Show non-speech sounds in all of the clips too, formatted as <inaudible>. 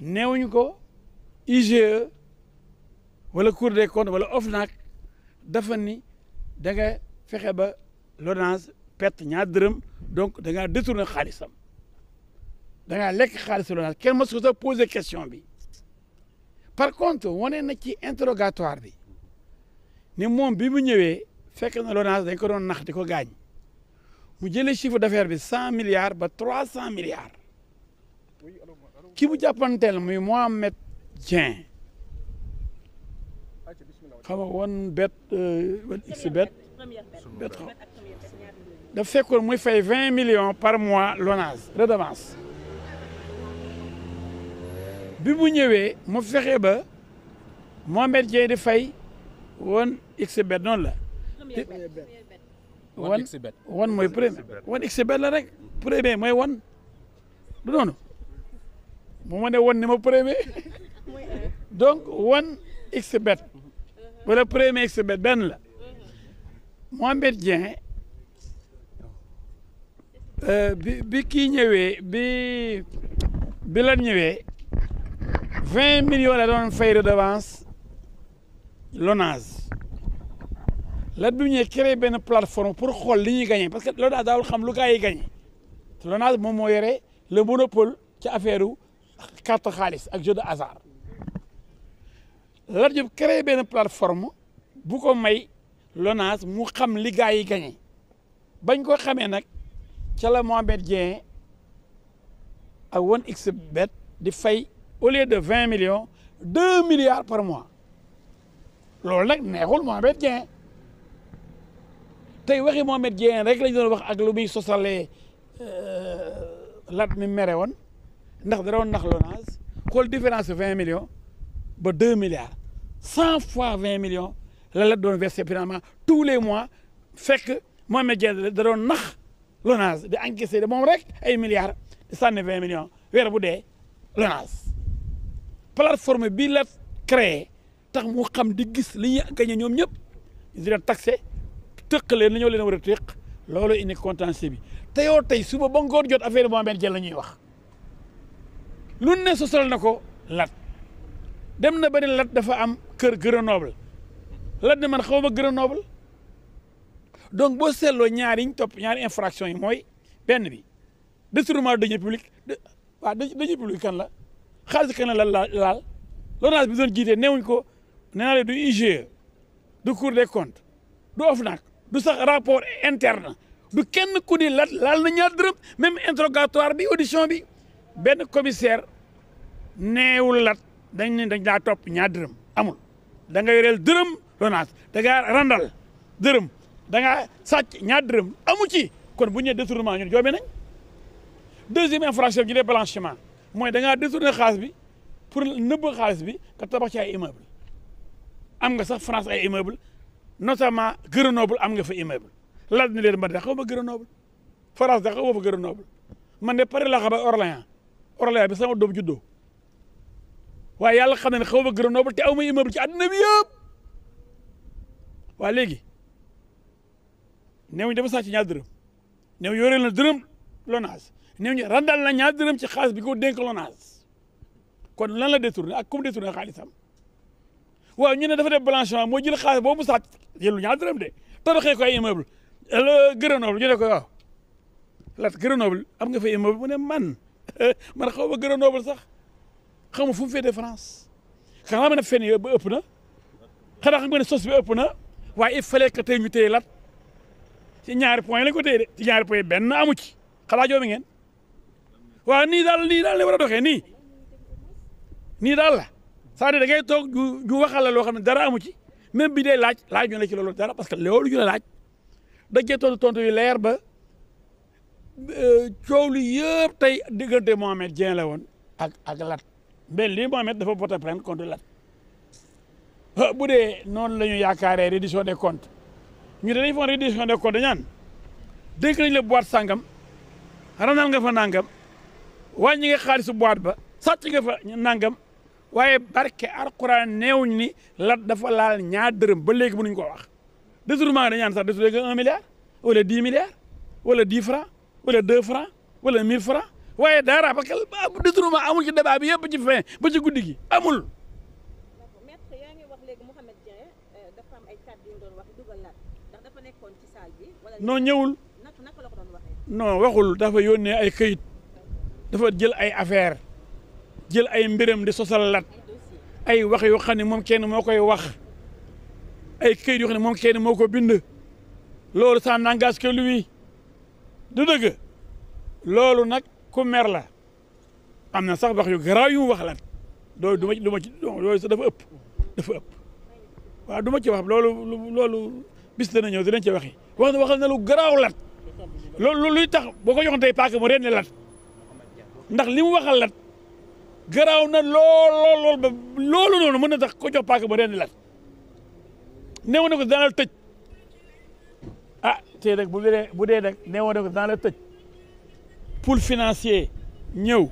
neewuñu ko IGE wala Cour des comptes wala ofnak dafa ni da fexe ba Lonase perte ñaar dërëm donc da ngaa détourné xaalisam da ngaa lekk xaalis Lonase kenn mas ko sax posé question bi par contre wone na ci interrogatoire bi ne moom bi mu ñëwee fekke na Lonase dañ ko doon nax di ko gaañ mu jëlee chiffre d'affaires bi cent milliards ba trois cent milliards ki mu jàppanteel muy Mohamed Dieng xam nga wan bet si euh, bet bet xam daf fekkoon vingt millions par mois l'ONAS redevance bi mu ñëwee mu fexe ba Mohamed Dieng di fay wan x bet noonu la wan mooy premier wan x bet la rek premier mooy wan du bu ma ne won ni ma premier donc won x bet wala premier benn la Mohamed Dieng euh, bi bi kii ñëwee bi bi ñëwee vingt millions la doon fay redevance Lonase la du ñu benn plateforme pour xool li ñuy gagné parce que Lonase xam lu gars yi gagné te Lonase moom moo yore le monopole ci affaire carte xaalis ak jeu de hasard Lat Diop créé benn plateforme bu ko may Lonase mu xam li gars yi gagné bañ ko xamee nag ca la Mohamed Dieng ak 1xBet di fay au lieu de vingt million deux milliards par mois loolu nag neexul Mohamed Dieng tey waxi Mohamed Dieng rek lañ doon wax ak lu muy sosalee euh, lat mi mere woon ndax da doon nax Lonase xool différence vingt millions ba deux milliards cent fois vingt million la la doon versé finalement tous les mois fekk Mohamed Dieng da doon nax Lonase di encaissé de moom rek ay milliards di sànni vingt millions weer bu dee Lonase plateforme bi la créé tax mu xam di gis li ñuy gagné ñoom ñëpp di leen taxé tëq leen li ñoo leen war a tëq loolu indi contentieux bi te yow tey suba ba ngoon jot affaire Mohamed Dieng la ñuy wax. lu ne sosal na ko lat dem na ba ne lat dafa am kër Grenoble lat ne man xaw ma Grenoble donc boo seetloo ñaari ñu topp ñaari infraction yi mooy benn bi détournement de deniers publics waaw deniers publics kan la xaalis kan la la laal l'ONAS bi doon jiitee newuñ ko nee naa du IGE du Cour des comptes du OFNAC du sax rapport interne du kenn ku ni lat laal na ñaar dërëm même interrogatoire bi audition bi benn commissaire neewul lat dañ ne dañ laa topp ñaar dërëm amul da nga yoreel dërëm Lonase da ngaa randal dërëm da ngaa sàcc ñaar dërëm amu ci kon bu ñu nee détournement ñun joobee nañ deuxième infraction bi ñu ne blanchiment mooy da ngaa détourné xaalis bi pour nëbb xaalis bi nga tabax ci ay immeuble am nga sax France ay immeuble notamment Grenoble am nga fa immeuble laaj na leen ma de xaw ma Grenoble France de xaw ma fa Grenoble man de Paris la xaba Orléans Orléans bi sama doom juddoo waaye yàlla xam na ne xaw ma Grenoble te aw ma immeuble ci àdduna bi yëpp waa léegi néew ñu dafa sàcc ñaar dërëm néew yoreel na dërëm Lonase néew ñu randal na ñaar dërëm ci xaalis bi ko dénk Lonase kon lan la détourné ak comme détourné xaalisam waa ñu ne dafa def blanchiment moo jël xaalis boobu mu sàcc jëlu ñaar dërëm de tabaxee ko ay immeuble Grenoble ñu ne ko waaw lat Grenoble am nga fa immeuble mu ne man <laughs> man xaw ma Grenoble sax xaw ma fu mu féetee France xanaa ma ne fen yooyu ba ëpp na xanaa xam nga ne sos bi ëpp na waaye il fallait que tey lat ci ñaari point lañ ko téye de ci ñaari point benn amu ci xalaa joomi ngeen waaw nii daal nii daal la war a doxee nii nii daal la c'est-à-dire da ngay toog ñu waxal la loo xam ne dara amu ci même bi dee laaj laaj ñu la ci loolu dara parce que loolu ñu la laaj dañ cee tonto yi yu leer ba. coow li yëpp tey diggante Mohamed Dieng la woon ak ak Lat mais lii Mohamed dafa porté plainte contre Lat bu dee noonu lañu ñu yaakaaree reddition des comptes ñu dañuy foog reddition des comptes ñaan dénk nañ la boîte sangam ranal nga fa nangam wàññi nga xaalisu boîte ba sàcc nga fa nangam waaye barke alquran neewuñ ni Lat dafa laal ñaar dërëm ba léegi mënuñ ko wax détournement dañaan sax détourné nga un milliard wala dix milliards wala dix francs wala 2 francs wala 1000 francs waaye dara parce que détournement amul ci débat bi yëpp ci fin ba ci guddi gi amul. Euh, non ñëwul non waxul dafa yónnee ay këyit dafa jël ay affaire jël ay mbiram di sosal lat ay wax yoo xam ne moom kenn moo koy wax ay këyit yoo xam ne moom kenn moo ko bind loolu ça n'engage que lui du dëgg loolu nag ku mer la am na sax wax yu garaaw yu wax lan doo du ma du ma ci loolu sax dafa ëpp dafa ëpp waaw du ma ci wax loolu loolu bis dana ñëw dinañ ci waxi wax na wax na lu garaaw lat loolu luy tax boo ko joxantee paaka mu renne lat ndax li mu waxal lat garaaw na lool lool lool loolu noonu mën na tax ko jox paaka mu renne lat néew na ko daanal tëj ah tey nag bu dee bu dee nag nee woon na ko dans la tëj pour financier ñëw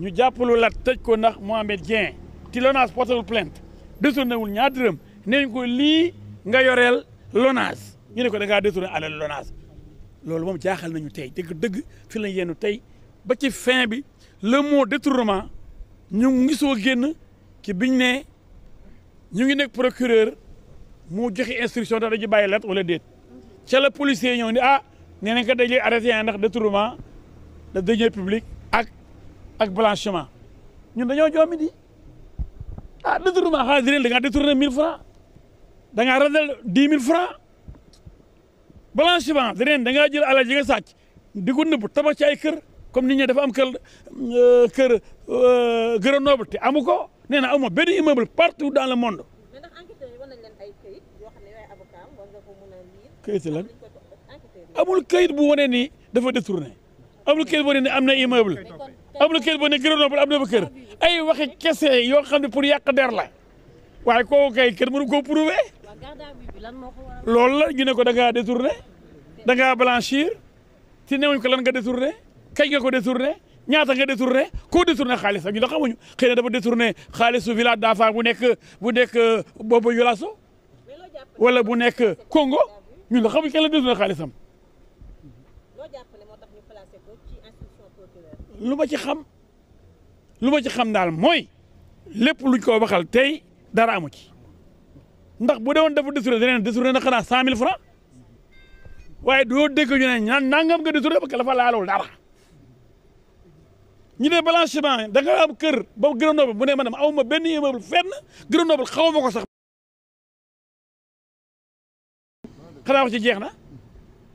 ñu jàppalu lat tëj ko ndax Mohamed Dieng ti LONASE portewul plainte détourné wul ñaar dërëm nee ñu ko lii nga yoreel LONASE ñu ne ko da ngaa détourné alal LONASE loolu moom jaaxal nañu tey dëgg dëgg fi lañ yennu tey ba ci fin bi le mot détournement ñu ngi soo génn ci biñ ne ñu ngi nekk procureur moo joxe instruction dax dañu bàyyi lat wala déet ca la policier ñëw ni ah nee nañ ko dañuy arrêté yaa ndax détournement de deniers publics ak ak blanchiment ñun dañoo joomi di ah détournement xaalis di leen da ngaa détourné mille francs da ngaa radal mille francs blanchiment di leen da ngaa jël alal ji nga sàcc di ko nëbb tabax ci ay kër comme nit ñi dafa am kër euh, kër Grenoble euh, te amu ko nee na amoo benn immeuble partout dans le monde këyit lan amul këyit bu wane ni dafa détourné amul këyit bu wane ni am na immeuble amul këyit bu wane ni Grenoble am na fa kër ay waxi kese yoo xam ne pour yàq der la waaye kooku kay kenn mënu ko prouver loolu la ñu ne ko da ngaa détourné da ngaa blanchir ci newuñ ko lan nga détourné kañ nga ko détourné ñaata nga détourné koo détourné xaalis ak ñu da xamuñu xëy na dafa détourné xaalisu village d'enfants bu nekk bu nekk euh, boobu Yolasso wala bu nekk Congo ñu de xamuñ kenn la xaalisam. lu ma ci xam lu ma ci xam daal mooy lépp luñ ko waxal tey dara amu ci ndax bu dee woon dafa détourné danañ détourné na xanaa cent mille francs waaye doo dégg ñu ne ñaan nangam nga détourné parce que dafa laalul dara. ñu ne blanchiment da nga am kër ba Grenoble bu ne ma dem aw ma benn immeuble fenn Grenoble xaw ma ko sax. xanaa wax ci jeex na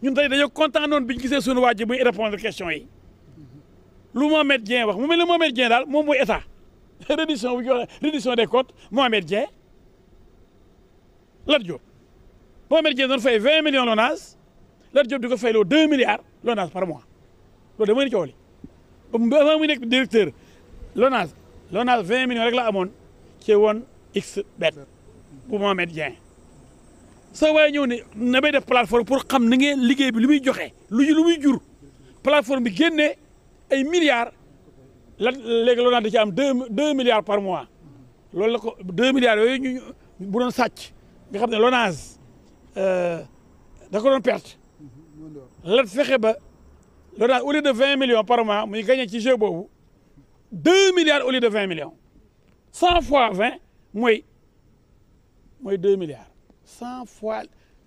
ñun tey dañoo kontaanoon bi ñu gisee suñu waa ji muy répondre question yi lu Mohamed Dieng wax mu mel ne Mohamed Dieng daal moom mooy état <laughs> reddition bu ñu wax reddition des comptes Mohamed Dieng Lat Diop Mohamed Dieng doon fay 20 millions LONASE Lat Diop di ko fayloo 2 milliards LONASE par mois loolu damay ni coow li ba muy rek la amoon ci woon X bet bu Mohamed Dieng. sa waaye ñëw ne na may def plateforme pour xam ni ngeen liggéey bi lu muy joxe lu ji lu muy jur plateforme bi génnee ay milliards lan léegi loolu naan da ci am deux deux milliards par mois loolu la ko deux milliards ñu bu doon sàcc nga xam ne Lonase euh, da ko doon perte la fexe ba Lonase au lieu de vingt million par mois muy gagné ci jeu boobu deux milliards oli lieu de vingt millions cent fois vingt mooy mooy deux cent fois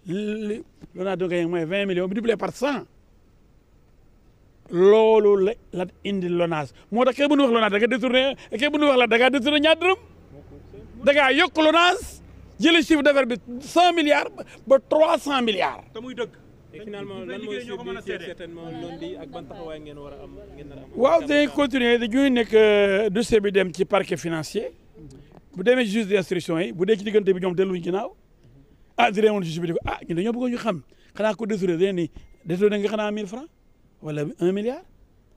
li Ronaldinho gagné mooy vingt millions bi multiplié par loolu la la indi Lonase moo tax kenn mënu wax Lonase da nga détourné kenn mënu wax la da nga détourné da ngaa yokk Lonase jëlee chiffre d'affaires bi cent milliards ba trois cent milliards. te muy dëgg. et finalement lan mooy certainement lundi ak ban taxawaay ngeen war a am ngeen nar a am. waaw day continuer nekk euh, dossier bi dem ci parquet financier bu demee juge d'instruction yi bu dee ci diggante bi ñoom dellu ginnaaw. ah di demoon juge bi di ko ah ñun dañoo bëggoon ñu xam xanaa ko détourné dañ ni détourné nga xanaa 1000 francs wala 1 milliard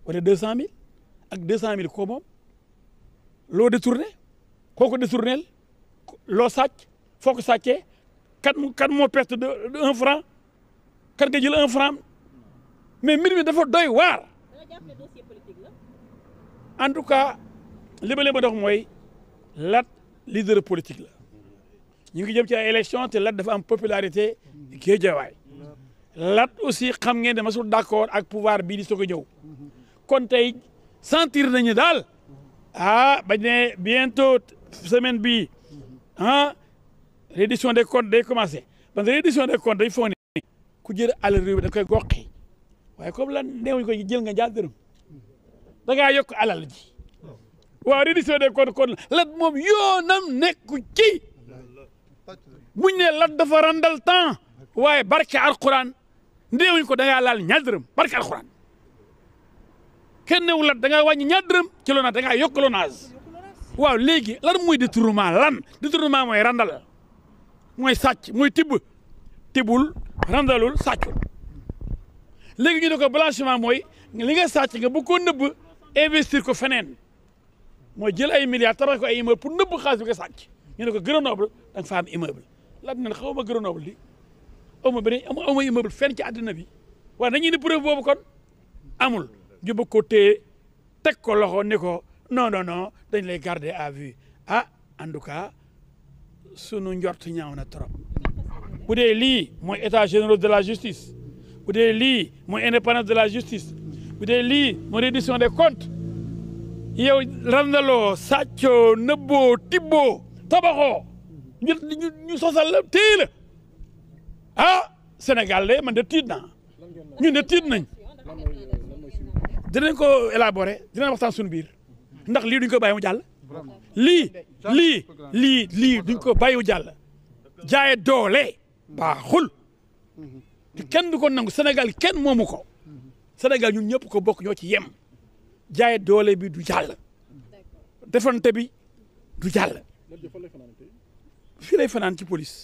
wala 200000 ak 200000 ko moom loo détourné koo ko détourné loo sàcc foo ko sàccee kat kat moo perte de de 1 franc kat nga jël 1 franc mais mbir mi dafa doy waar. en tout cas li ma leen ba dox mooy lat leader politique la. ñu ngi jëm ci ay élection te Lat dafa am popularité Guédiawaye Lat aussi xam ngeen ne masul d'accord ak pouvoir bii di soog a kon tey santir nañu daal ah bañ ne bientôt semaine bii ah de des comptes day commencé parce que reddition des day foog ne ku jël alal réew mi da koy goqi waaye comme lan neewuñ ko jël nga jaar dërëm da ngaa yokk alal ji waaw reddition des comptes Lat moom yoonam nekku ci buñ ne lat dafa randal temps waaye barke alquran ndeewuñ ko da laal ñaar dërëm barke alquran kenn newu lat da ngaa wàññi ñaar dërëm ci lonaas da ngaa yokk lonaas waaw léegi lan mooy détournement lan détournement mooy randal mooy sàcc mooy tibb tibbul randalul sàccul léegi ñu ne ko blanchiment mooy li nga sàcc nga bu ko nëbb ko feneen mooy jël ay milliards tabax ko ay immeuble pour nëbb xaalis bi nga sàcc ñu ne ko Grenoble da nga fa am immeuble laaj na xaw ma Grenoble di aw ma beneen aw ma immeuble fenn ci àddina bi waaye dañuy ni preuve boobu kon amul ñu bëgg ko ko loxo ne ko non non non dañ lay garder à vue ah en tout cas sunu njort ñaw na trop bu dee lii mooy état général de la justice bu dee lii mooy indépendance de la justice bu dee lii mooy reddition des comptes yow randaloo sàccoo nëbboo tibboo tabaxoo ñu ñu sosal la téye la ah Sénégal de man de tiit naa ñun de tiit nañ dinañ ko élaborer dinañ waxtaan suñu biir ndax lii duñ ko bàyyi mu jàll lii lii lii lii duñ ko bàyyi mu jàll jaaye doole baaxul kenn du ko nangu senegal kenn moomu ko Sénégal ñun ñëpp ko bokk ñoo ci yem jaaye doole bi du jàll defante bi du jàll fii lay fanaan ci police